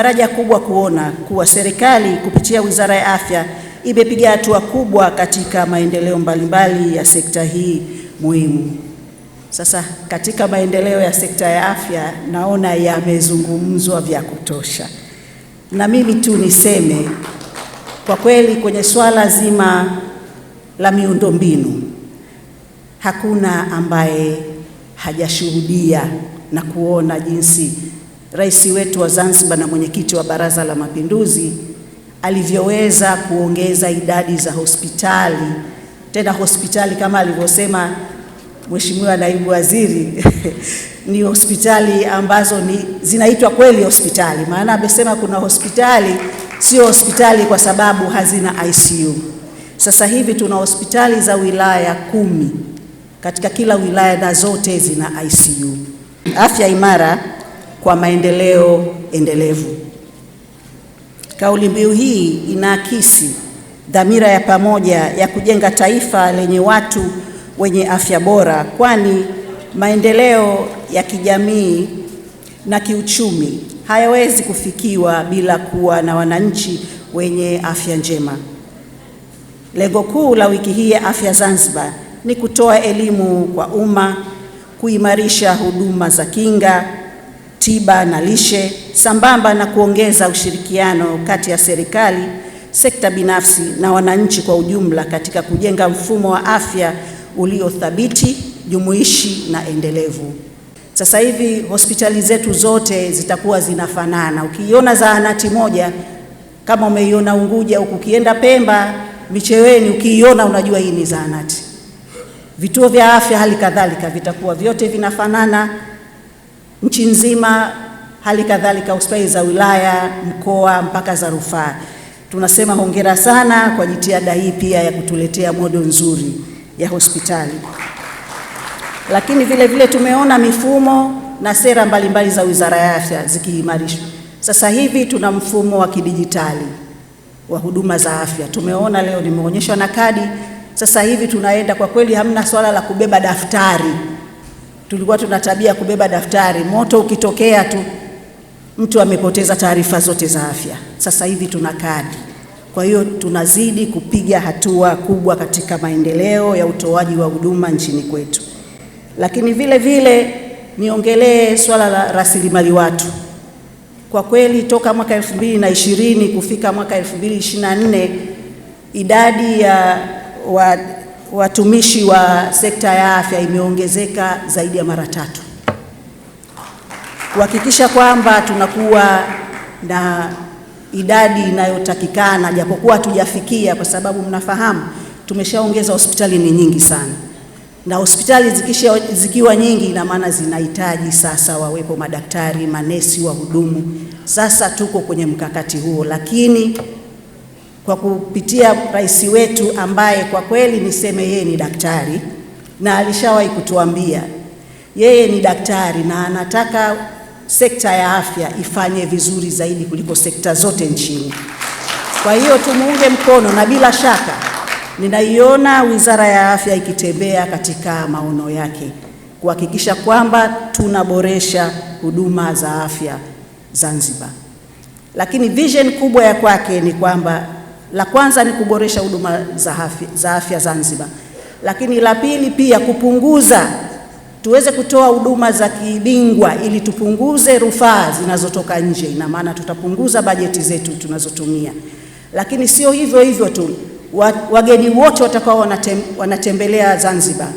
Faraja kubwa kuona kuwa serikali kupitia Wizara ya Afya imepiga hatua kubwa katika maendeleo mbalimbali ya sekta hii muhimu. Sasa katika maendeleo ya sekta ya afya naona yamezungumzwa vya kutosha, na mimi tu niseme kwa kweli, kwenye swala zima la miundombinu hakuna ambaye hajashuhudia na kuona jinsi rais wetu wa Zanzibar na mwenyekiti wa Baraza la Mapinduzi alivyoweza kuongeza idadi za hospitali, tena hospitali kama alivyosema Mheshimiwa Naibu Waziri ni hospitali ambazo ni zinaitwa kweli hospitali, maana amesema kuna hospitali sio hospitali kwa sababu hazina ICU. Sasa hivi tuna hospitali za wilaya kumi katika kila wilaya na zote zina ICU. Afya imara kwa maendeleo endelevu. Kauli mbiu hii inaakisi dhamira ya pamoja ya kujenga taifa lenye watu wenye afya bora, kwani maendeleo ya kijamii na kiuchumi hayawezi kufikiwa bila kuwa na wananchi wenye afya njema. Lengo kuu la wiki hii ya afya Zanzibar ni kutoa elimu kwa umma, kuimarisha huduma za kinga tiba na lishe sambamba na kuongeza ushirikiano kati ya serikali, sekta binafsi na wananchi kwa ujumla katika kujenga mfumo wa afya uliothabiti, jumuishi na endelevu. Sasa hivi hospitali zetu zote zitakuwa zinafanana. Ukiiona zahanati moja kama umeiona Unguja huku, ukienda Pemba Micheweni, ukiiona unajua hii ni zahanati. Vituo vya afya hali kadhalika vitakuwa vyote vinafanana nchi nzima, hali kadhalika hospitali za wilaya, mkoa, mpaka za rufaa. Tunasema hongera sana kwa jitihada hii pia ya kutuletea modo nzuri ya hospitali. Lakini vile vile tumeona mifumo na sera mbalimbali mbali za Wizara ya Afya zikiimarishwa. Sasa hivi tuna mfumo wa kidijitali wa huduma za afya. Tumeona leo nimeonyeshwa na kadi. Sasa hivi tunaenda kwa kweli, hamna swala la kubeba daftari tulikuwa tuna tabia kubeba daftari, moto ukitokea tu mtu amepoteza taarifa zote za afya. Sasa hivi tuna kadi. Kwa hiyo tunazidi kupiga hatua kubwa katika maendeleo ya utoaji wa huduma nchini kwetu, lakini vile vile niongelee swala la rasilimali watu. Kwa kweli toka mwaka 2020 kufika mwaka 2024 idadi ya wa watumishi wa sekta ya afya imeongezeka zaidi ya mara tatu, kuhakikisha kwamba tunakuwa na idadi inayotakikana, japokuwa hatujafikia, kwa sababu mnafahamu tumeshaongeza hospitali ni nyingi sana, na hospitali zikisha zikiwa nyingi, ina maana zinahitaji sasa wawepo madaktari, manesi, wahudumu. Sasa tuko kwenye mkakati huo, lakini kwa kupitia rais wetu ambaye kwa kweli niseme yeye ni daktari na alishawahi kutuambia yeye ni daktari na anataka sekta ya afya ifanye vizuri zaidi kuliko sekta zote nchini. Kwa hiyo tumuunge mkono, na bila shaka ninaiona Wizara ya Afya ikitembea katika maono yake kuhakikisha kwamba tunaboresha huduma za afya Zanzibar. Lakini vision kubwa ya kwake ni kwamba la kwanza ni kuboresha huduma za afya za afya Zanzibar, lakini la pili pia kupunguza, tuweze kutoa huduma za kibingwa ili tupunguze rufaa zinazotoka nje. Ina maana tutapunguza bajeti zetu tunazotumia, lakini sio hivyo hivyo tu, wageni wote watakao wanatem, wanatembelea Zanzibar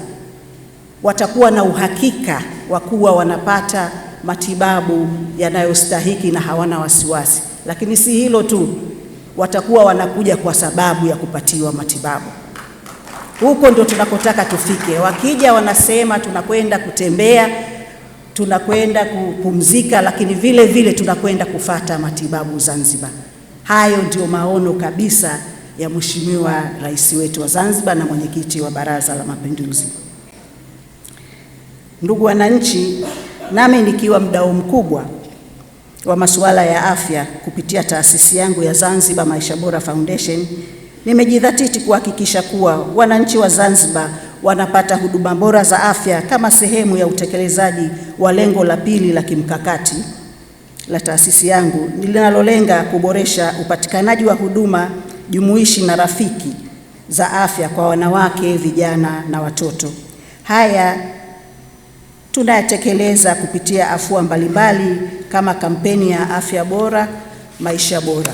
watakuwa na uhakika wa kuwa wanapata matibabu yanayostahiki na hawana wasiwasi. Lakini si hilo tu watakuwa wanakuja kwa sababu ya kupatiwa matibabu. Huko ndo tunakotaka tufike. Wakija wanasema tunakwenda kutembea, tunakwenda kupumzika, lakini vile vile tunakwenda kufata matibabu Zanzibar. Hayo ndio maono kabisa ya Mheshimiwa Rais wetu wa Zanzibar na mwenyekiti wa Baraza la Mapinduzi. Ndugu wananchi, nami nikiwa mdau mkubwa wa masuala ya afya kupitia taasisi yangu ya Zanzibar Maisha Bora Foundation, nimejidhatiti kuhakikisha kuwa wananchi wa Zanzibar wanapata huduma bora za afya kama sehemu ya utekelezaji wa lengo la pili la kimkakati la taasisi yangu linalolenga kuboresha upatikanaji wa huduma jumuishi na rafiki za afya kwa wanawake, vijana na watoto. Haya tunayatekeleza kupitia afua mbalimbali kama kampeni ya afya bora maisha bora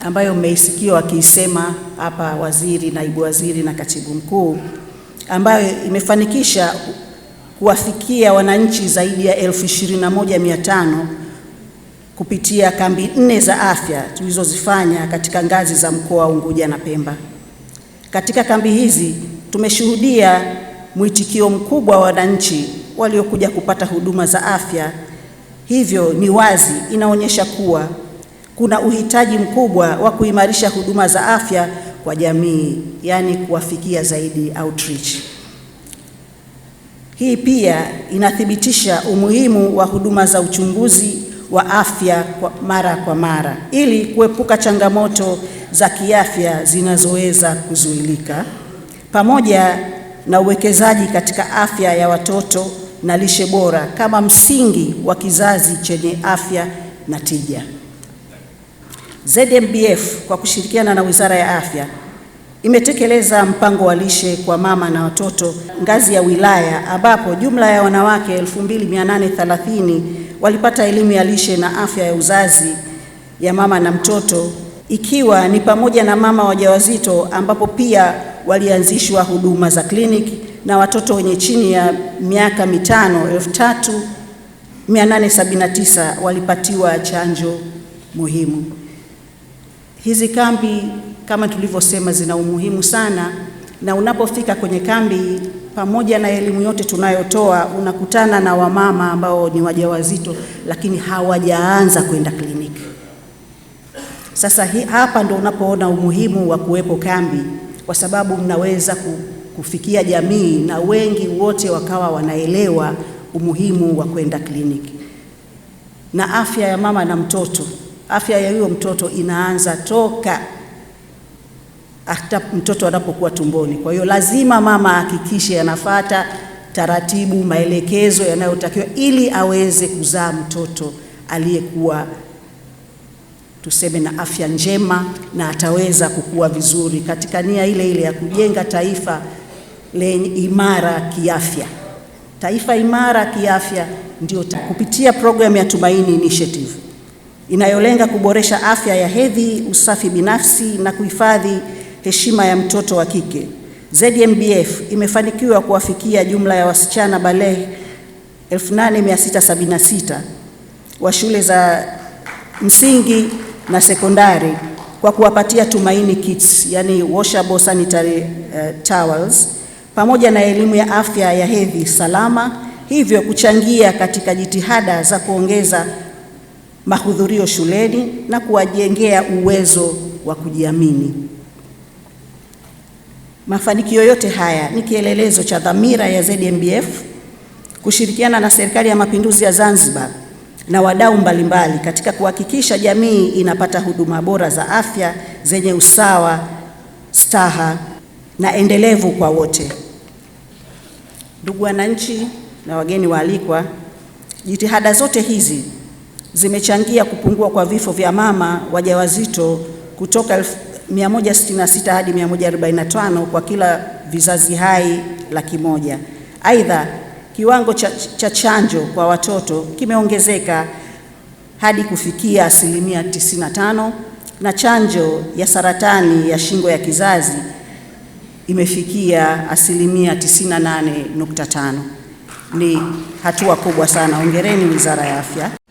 ambayo mmeisikia wakiisema hapa waziri, naibu waziri na katibu mkuu, ambayo imefanikisha kuwafikia wananchi zaidi ya elfu ishirini na moja mia tano kupitia kambi nne za afya tulizozifanya katika ngazi za mkoa Unguja na Pemba. Katika kambi hizi tumeshuhudia mwitikio mkubwa wa wananchi waliokuja kupata huduma za afya. Hivyo ni wazi inaonyesha kuwa kuna uhitaji mkubwa wa kuimarisha huduma za afya kwa jamii, yaani kuwafikia zaidi outreach. Hii pia inathibitisha umuhimu wa huduma za uchunguzi wa afya kwa mara kwa mara ili kuepuka changamoto za kiafya zinazoweza kuzuilika pamoja na uwekezaji katika afya ya watoto na lishe bora kama msingi wa kizazi chenye afya na tija. ZMBF kwa kushirikiana na Wizara ya Afya imetekeleza mpango wa lishe kwa mama na watoto ngazi ya wilaya, ambapo jumla ya wanawake 2830 walipata elimu ya lishe na afya ya uzazi ya mama na mtoto, ikiwa ni pamoja na mama wajawazito, ambapo pia walianzishwa huduma za kliniki na watoto wenye chini ya miaka mitano 3879 walipatiwa chanjo muhimu. Hizi kambi kama tulivyosema zina umuhimu sana, na unapofika kwenye kambi, pamoja na elimu yote tunayotoa, unakutana na wamama ambao ni wajawazito lakini hawajaanza kwenda kliniki. Sasa hapa ndo unapoona umuhimu wa kuwepo kambi kwa sababu mnaweza kufikia jamii na wengi wote wakawa wanaelewa umuhimu wa kwenda kliniki. Na afya ya mama na mtoto, afya ya huyo mtoto inaanza toka hata mtoto anapokuwa tumboni. Kwa hiyo lazima mama ahakikishe anafata taratibu, maelekezo yanayotakiwa ili aweze kuzaa mtoto aliyekuwa tuseme na afya njema na ataweza kukua vizuri katika nia ile ile ya kujenga taifa lenye imara kiafya. Taifa imara kiafya ndio kupitia programu ya Tumaini Initiative inayolenga kuboresha afya ya hedhi, usafi binafsi na kuhifadhi heshima ya mtoto wa kike. ZMBF imefanikiwa kuwafikia jumla ya wasichana balehe 8676 wa shule za msingi na sekondari kwa kuwapatia Tumaini Kits, yani washable sanitary uh, towels pamoja na elimu ya afya ya hedhi salama, hivyo kuchangia katika jitihada za kuongeza mahudhurio shuleni na kuwajengea uwezo wa kujiamini. Mafanikio yote haya ni kielelezo cha dhamira ya ZMBF kushirikiana na Serikali ya Mapinduzi ya Zanzibar na wadau mbalimbali katika kuhakikisha jamii inapata huduma bora za afya zenye usawa, staha na endelevu kwa wote. Ndugu wananchi na wageni waalikwa, jitihada zote hizi zimechangia kupungua kwa vifo vya mama wajawazito kutoka 166 hadi 145 kwa kila vizazi hai laki moja. Aidha, kiwango cha, cha chanjo kwa watoto kimeongezeka hadi kufikia asilimia 95 na chanjo ya saratani ya shingo ya kizazi imefikia asilimia 98.5. Ni hatua kubwa sana. Hongereni Wizara ya Afya.